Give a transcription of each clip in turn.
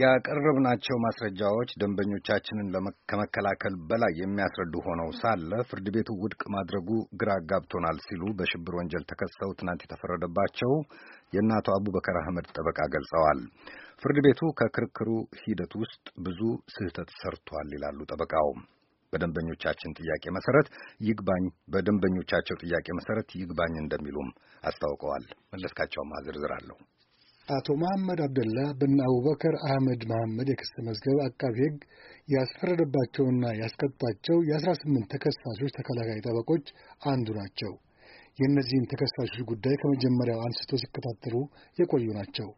ያቀረብናቸው ማስረጃዎች ደንበኞቻችንን ከመከላከል በላይ የሚያስረዱ ሆነው ሳለ ፍርድ ቤቱ ውድቅ ማድረጉ ግራ አጋብቶናል ሲሉ በሽብር ወንጀል ተከሰው ትናንት የተፈረደባቸው የእናቱ አቡበከር አህመድ ጠበቃ ገልጸዋል። ፍርድ ቤቱ ከክርክሩ ሂደት ውስጥ ብዙ ስህተት ሰርቷል ይላሉ ጠበቃው። በደንበኞቻችን ጥያቄ መሰረት ይግባኝ በደንበኞቻቸው ጥያቄ መሰረት ይግባኝ እንደሚሉም አስታውቀዋል። መለስካቸውም ዝርዝር አለው። አቶ መሐመድ አብደላ በእነ አቡበከር አህመድ መሐመድ የክስ መዝገብ አቃቢ ሕግ ያስፈረደባቸውና ያስቀጣቸው የ18 ተከሳሾች ተከላካይ ጠበቆች አንዱ ናቸው። የእነዚህን ተከሳሾች ጉዳይ ከመጀመሪያው አንስቶ ሲከታተሉ የቆዩ ናቸው።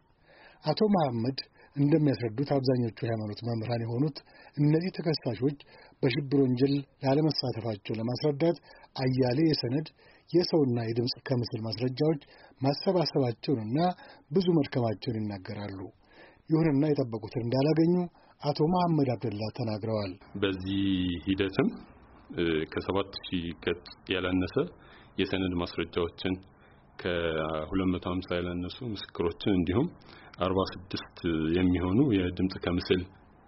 አቶ መሐመድ እንደሚያስረዱት አብዛኞቹ የሃይማኖት መምህራን የሆኑት እነዚህ ተከሳሾች በሽብር ወንጀል ላለመሳተፋቸው ለማስረዳት አያሌ የሰነድ የሰውና የድምፅ ከምስል ማስረጃዎች ማሰባሰባቸውንና ብዙ መድከማቸውን ይናገራሉ። ይሁንና የጠበቁትን እንዳላገኙ አቶ መሐመድ አብደላ ተናግረዋል። በዚህ ሂደትም ከሰባት ሺህ ገጽ ያላነሰ የሰነድ ማስረጃዎችን ከ250 ያላነሱ ምስክሮችን እንዲሁም 46 የሚሆኑ የድምፅ ከምስል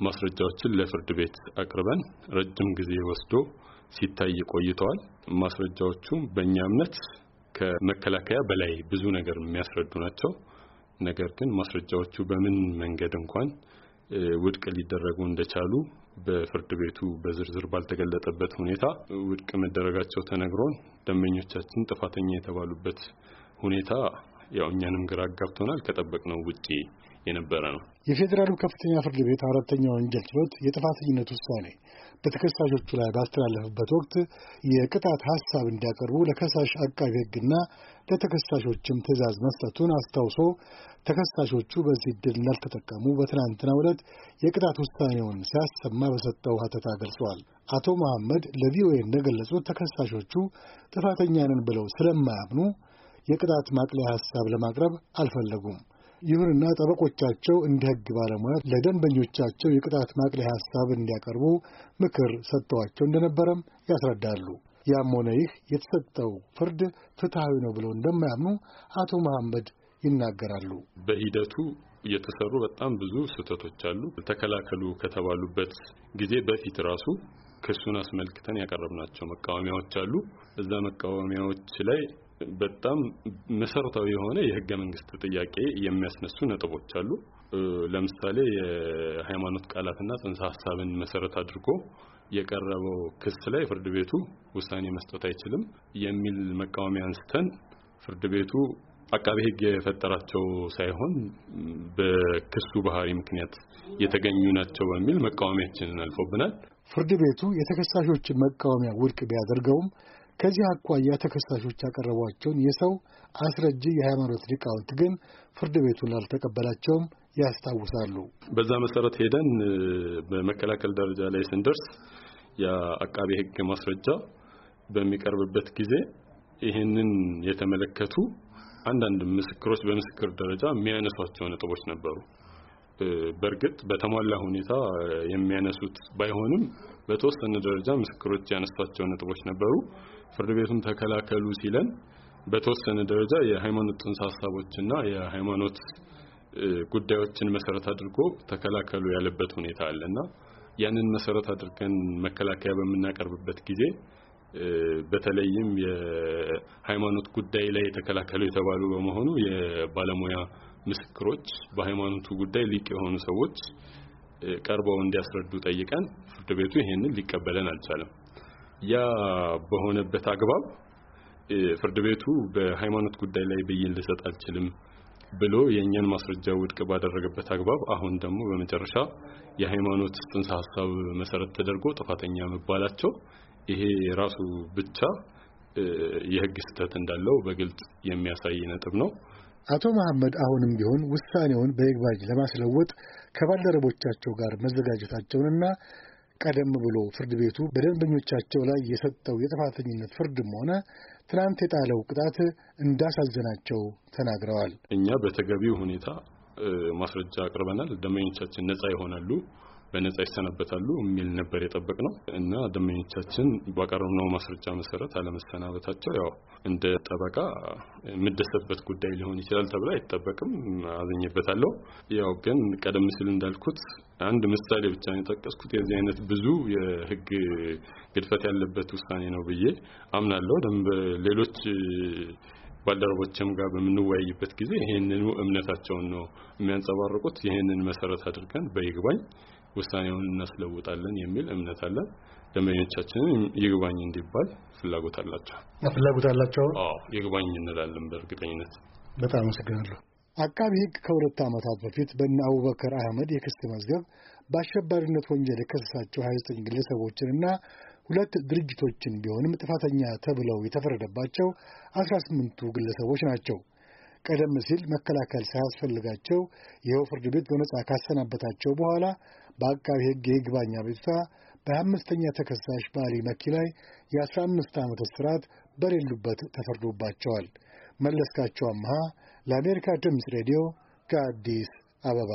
ማስረጃዎችን ለፍርድ ቤት አቅርበን ረጅም ጊዜ ወስዶ ሲታይ ቆይተዋል። ማስረጃዎቹም በእኛ እምነት ከመከላከያ በላይ ብዙ ነገር የሚያስረዱ ናቸው። ነገር ግን ማስረጃዎቹ በምን መንገድ እንኳን ውድቅ ሊደረጉ እንደቻሉ በፍርድ ቤቱ በዝርዝር ባልተገለጠበት ሁኔታ ውድቅ መደረጋቸው ተነግሮን ደንበኞቻችን ጥፋተኛ የተባሉበት ሁኔታ ያው እኛንም ግራ አጋብቶናል፣ ከጠበቅነው ውጪ የነበረ ነው። የፌዴራሉ ከፍተኛ ፍርድ ቤት አራተኛ ወንጀል ችሎት የጥፋተኝነት ውሳኔ በተከሳሾቹ ላይ ባስተላለፈበት ወቅት የቅጣት ሀሳብ እንዲያቀርቡ ለከሳሽ አቃቢ ሕግና ለተከሳሾችም ትዕዛዝ መስጠቱን አስታውሶ ተከሳሾቹ በዚህ ዕድል እንዳልተጠቀሙ በትናንትናው ዕለት የቅጣት ውሳኔውን ሲያሰማ በሰጠው ሀተታ ገልጸዋል። አቶ መሐመድ ለቪኦኤ እንደገለጹት ተከሳሾቹ ጥፋተኛ ነን ብለው ስለማያምኑ የቅጣት ማቅለያ ሀሳብ ለማቅረብ አልፈለጉም። ይሁንና ጠበቆቻቸው እንደ ሕግ ባለሙያ ለደንበኞቻቸው የቅጣት ማቅለያ ሀሳብ እንዲያቀርቡ ምክር ሰጥተዋቸው እንደነበረም ያስረዳሉ። ያም ሆነ ይህ የተሰጠው ፍርድ ፍትሐዊ ነው ብለው እንደማያምኑ አቶ መሐመድ ይናገራሉ። በሂደቱ የተሰሩ በጣም ብዙ ስህተቶች አሉ። ተከላከሉ ከተባሉበት ጊዜ በፊት ራሱ ክሱን አስመልክተን ያቀረብናቸው መቃወሚያዎች አሉ። እዛ መቃወሚያዎች ላይ በጣም መሰረታዊ የሆነ የህገ መንግስት ጥያቄ የሚያስነሱ ነጥቦች አሉ። ለምሳሌ የሃይማኖት ቃላትና ጽንሰ ሀሳብን መሰረት አድርጎ የቀረበው ክስ ላይ ፍርድ ቤቱ ውሳኔ መስጠት አይችልም የሚል መቃወሚያ አንስተን ፍርድ ቤቱ አቃቤ ህግ የፈጠራቸው ሳይሆን በክሱ ባህሪ ምክንያት የተገኙ ናቸው በሚል መቃወሚያችንን አልፎብናል። ፍርድ ቤቱ የተከሳሾችን መቃወሚያ ውድቅ ቢያደርገውም ከዚህ አኳያ ተከሳሾች ያቀረቧቸውን የሰው አስረጅ የሃይማኖት ሊቃውንት ግን ፍርድ ቤቱን አልተቀበላቸውም ያስታውሳሉ። በዛ መሰረት ሄደን በመከላከል ደረጃ ላይ ስንደርስ የአቃቤ ሕግ ማስረጃ በሚቀርብበት ጊዜ ይህንን የተመለከቱ አንዳንድ ምስክሮች በምስክር ደረጃ የሚያነሷቸው ነጥቦች ነበሩ። በእርግጥ በተሟላ ሁኔታ የሚያነሱት ባይሆንም በተወሰነ ደረጃ ምስክሮች ያነሷቸው ነጥቦች ነበሩ። ፍርድ ቤቱን ተከላከሉ ሲለን በተወሰነ ደረጃ የሃይማኖት ጥንሰ ሀሳቦችና የሃይማኖት ጉዳዮችን መሰረት አድርጎ ተከላከሉ ያለበት ሁኔታ አለና ያንን መሰረት አድርገን መከላከያ በምናቀርብበት ጊዜ በተለይም የሃይማኖት ጉዳይ ላይ ተከላከሉ የተባሉ በመሆኑ የባለሙያ ምስክሮች፣ በሃይማኖቱ ጉዳይ ሊቅ የሆኑ ሰዎች ቀርበው እንዲያስረዱ ጠይቀን ፍርድ ቤቱ ይሄንን ሊቀበለን አልቻለም። ያ በሆነበት አግባብ ፍርድ ቤቱ በሃይማኖት ጉዳይ ላይ ብይን ልሰጥ አልችልም ብሎ የእኛን ማስረጃ ውድቅ ባደረገበት አግባብ አሁን ደግሞ በመጨረሻ የሃይማኖት ጽንሰ ሀሳብ መሰረት ተደርጎ ጥፋተኛ መባላቸው ይሄ ራሱ ብቻ የህግ ስህተት እንዳለው በግልጽ የሚያሳይ ነጥብ ነው። አቶ መሐመድ አሁንም ቢሆን ውሳኔውን በይግባኝ ለማስለወጥ ከባልደረቦቻቸው ጋር መዘጋጀታቸውንና ቀደም ብሎ ፍርድ ቤቱ በደንበኞቻቸው ላይ የሰጠው የጥፋተኝነት ፍርድም ሆነ ትናንት የጣለው ቅጣት እንዳሳዘናቸው ተናግረዋል። እኛ በተገቢው ሁኔታ ማስረጃ አቅርበናል። ደንበኞቻችን ነጻ ይሆናሉ በነጻ ይሰናበታሉ የሚል ነበር የጠበቅ ነው እና ደመኞቻችን ባቀረብነው ማስረጃ መሰረት አለመሰናበታቸው ያው እንደ ጠበቃ የምደሰትበት ጉዳይ ሊሆን ይችላል ተብሎ አይጠበቅም። አዘኝበታለሁ። ያው ግን ቀደም ሲል እንዳልኩት አንድ ምሳሌ ብቻ ነው የጠቀስኩት። የዚህ አይነት ብዙ የህግ ግድፈት ያለበት ውሳኔ ነው ብዬ አምናለሁ። ደንብ ሌሎች ባልደረቦችም ጋር በምንወያይበት ጊዜ ይህንኑ እምነታቸውን ነው የሚያንጸባርቁት። ይህንን መሰረት አድርገን በይግባኝ ውሳኔውን እናስለውጣለን የሚል እምነት አለን። ደንበኞቻችንን ይግባኝ እንዲባል ፍላጎት አላቸው ፍላጎት አላቸው። አዎ ይግባኝ እንላለን በእርግጠኝነት። በጣም አመሰግናለሁ። አቃቢ ሕግ ከሁለት ዓመታት በፊት በእነ አቡበከር አህመድ የክስ መዝገብ በአሸባሪነት ወንጀል የከሰሳቸው 29 እና ሁለት ድርጅቶችን ቢሆንም ጥፋተኛ ተብለው የተፈረደባቸው 18ቱ ግለሰቦች ናቸው። ቀደም ሲል መከላከል ሳያስፈልጋቸው ይኸው ፍርድ ቤት በነጻ ካሰናበታቸው በኋላ በአቃቢ ሕግ የይግባኝ አቤቱታ በአምስተኛ ተከሳሽ በአሊ መኪ ላይ የአስራ አምስት ዓመት እስራት በሌሉበት ተፈርዶባቸዋል። መለስካቸው አምሃ ለአሜሪካ ድምፅ ሬዲዮ ከአዲስ አበባ